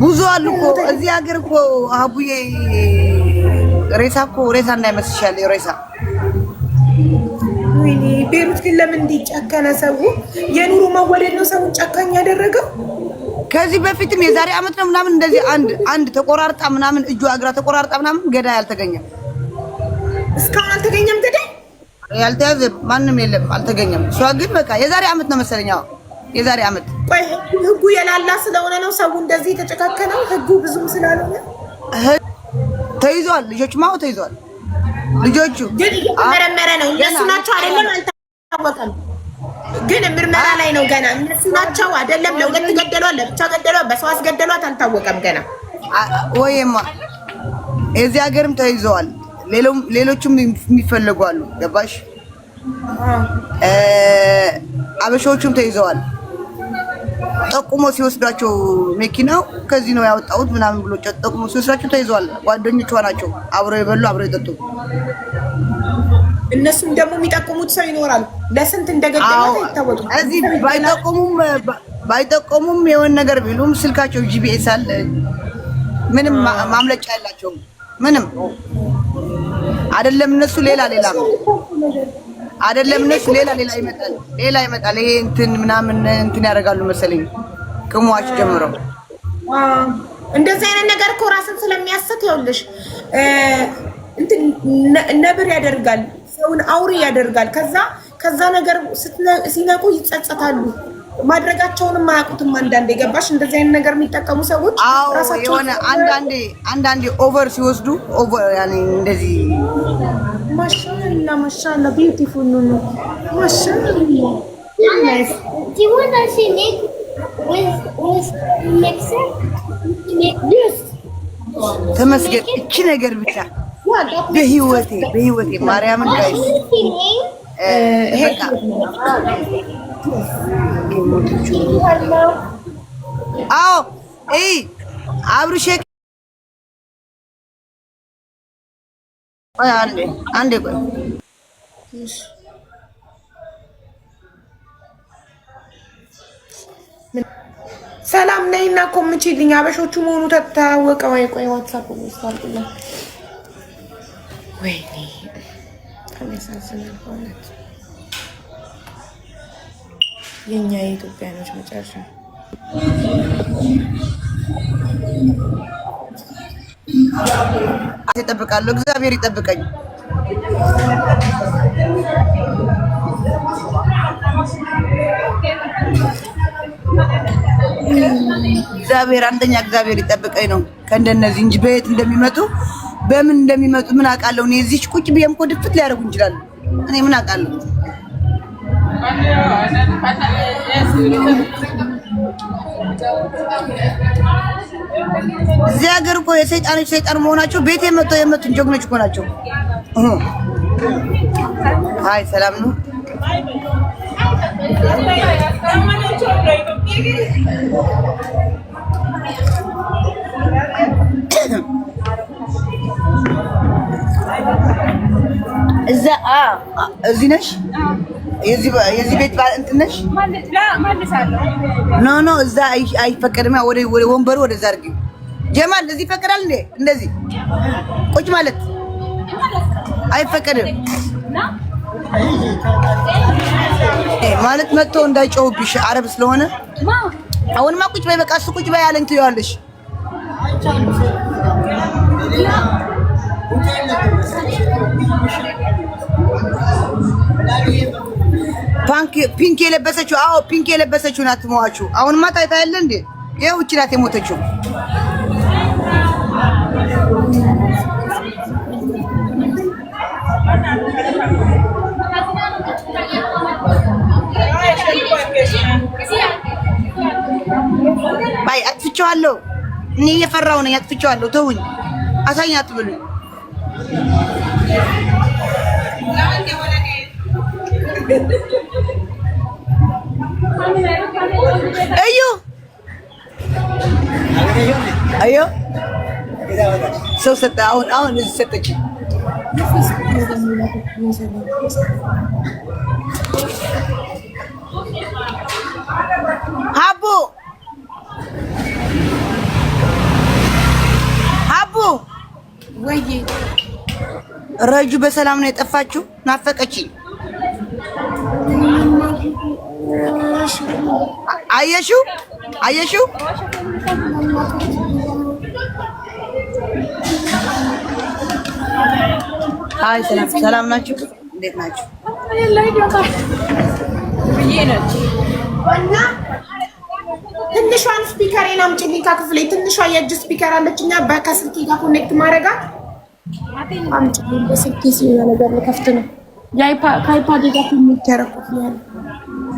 ብዙ አሉ እኮ እዚህ ሀገር እኮ አቡዬ ሬሳ እኮ ሬሳ እንዳይመስልሻል። ሬሳ ወይኔ ቤሩት ግን ለምን እንዲጨከነ ሰው የኑሮ መወደድ ነው ሰውን ጨካኝ ያደረገው። ከዚህ በፊትም የዛሬ አመት ነው ምናምን እንደዚህ አንድ አንድ ተቆራርጣ ምናምን እጇ እግራ ተቆራርጣ ምናምን ገዳይ አልተገኘም፣ እስካሁን አልተገኘም ገዳይ ያልተያዘ ማንም የለም፣ አልተገኘም። እሷ ግን በቃ የዛሬ አመት ነው መሰለኛው የዛሬ አመት። ህጉ የላላ ስለሆነ ነው ሰው እንደዚህ የተጨካከነው? ህጉ ብዙም ስላልሆነ ተይዟል። ልጆች ማው ተይዟል። ልጆቹ ግን እየተመረመረ ነው። እነሱ ናቸው አይደለም፣ አልታወቀም። ግን ምርመራ ላይ ነው ገና። እነሱ ናቸው አይደለም፣ ለሁለት ገደሏል፣ ለብቻ ገደሏል፣ በሰው አስገደሏት፣ አልታወቀም ገና። ወይማ የዚህ ሀገርም ተይዘዋል ሌሎችም የሚፈለጉ አሉ። ገባሽ? አበሻዎቹም ተይዘዋል። ጠቁሞ ሲወስዳቸው መኪናው ከዚህ ነው ያወጣሁት ምናምን ብሎ ጠቁሞ ሲወስዳቸው ተይዘዋል። ጓደኞቿ ናቸው፣ አብረው የበሉ አብረው የጠጡ። እነሱም ደግሞ የሚጠቁሙት ሰው ይኖራል። ለስንት እንደገደላት እዚህ ባይጠቁሙም ባይጠቆሙም የሆነ ነገር ቢሉም ስልካቸው ጂቢኤስ አለ። ምንም ማምለጫ የላቸውም ምንም አይደለም እነሱ ሌላ ሌላ አይደለም እነሱ ሌላ ሌላ ይመጣል፣ ሌላ ይመጣል። ይሄ እንትን ምናምን እንትን ያደርጋሉ መሰለኝ ቅሟች ጀምረው እንደዚህ አይነት ነገር እኮ ራስን ስለሚያስት ይኸውልሽ፣ እንትን ነብር ያደርጋል፣ ሰውን አውሬ ያደርጋል። ከዛ ከዛ ነገር ሲነቁ ይጸጸታሉ። ማድረጋቸውንም አያውቁትም። አንዳንዴ የገባሽ እንደዚህ አይነት ነገር የሚጠቀሙ ሰዎች የሆነ አንዳንዴ አንዳንዴ ኦቨር ሲወስዱ ኦቨር ያኔ እንደዚህ ማሻላ ማሻላ ቢዩቲፉል ነው ማሻላ ተመስገን። እቺ ነገር ብቻ በህይወቴ በህይወቴ ማርያምን ጋይስ አዎ ይ አብርሽ አንዴ ቆይ ሰላም ነኝ እና ኮምችልኝ አበሾቹ መሆኑ ተታወቀ ወይ? ቆይ ዋትሳፕ ወይኔ የእኛ የኢትዮጵያኖች መጨረሻ ይጠብቃለሁ። እግዚአብሔር ይጠብቀኝ። እግዚአብሔር አንደኛ እግዚአብሔር ይጠብቀኝ ነው ከእንደነዚህ እንጂ በየት እንደሚመጡ በምን እንደሚመጡ ምን አውቃለሁ። እኔ እዚች ቁጭ ብዬም እኮ ድፍት ሊያደርጉ እንችላለን። እኔ ምን አውቃለሁ። እዚህ ሀገር እኮ የሰይጣኖች ሰይጣን መሆናቸው ቤት የመጣው የመጡን ጀግኖች እኮ ናቸው። አይ ሰላም ነው። እዛ እዚህ ነሽ? የዚህ ቤት ባል እንትን ነሽ? ኖ ኖ፣ እዛ አይፈቀድም። ወደ ወንበሩ ወደዛ አድርጊ። ጀማል እዚህ ይፈቀዳል እንዴ? እንደዚህ ቁጭ ማለት አይፈቀድም ማለት መጥቶ እንዳይጮውብሽ አረብ ስለሆነ አሁንማ ቁጭ በይ፣ በቃ እሱ ቁጭ በይ አለኝ ትይዋለሽ። ፒንክ የለበሰችው አዎ፣ ፒንክ የለበሰችው ናት ሟቹ። አሁንማ ታይታ ያለ እንዴ? ይኸው እቺ ናት የሞተችው። ባይ አጥፍቼዋለሁ። እኔ እየፈራሁ ነኝ። አጥፍቼዋለሁ። ተውኝ፣ አሳኝ አትብሉኝ። እዩ አዮ ሰው ሰጠ። አሁን አሁን እዚህ ሰጠች። ሀቡ ሀቡ ወይ ረጁ በሰላም ነው የጠፋችሁ? ናፈቀችኝ። አየሽው አየሽው አይ ሰላም ሰላም ናችሁ እንዴት ናችሁ ትንሿን ስፒከር አምጪልኝ ከክፍሌ ትንሿ የእጅ ስፒከር አለች እና ከስልኬ ጋር ኮኔክት ማድረጋት አምጪልኝ በስልኬ ሲሆን ነገር ልከፍት ነው ከአይፓዴ ጋር ኮኔክት ያደረኩት ያለ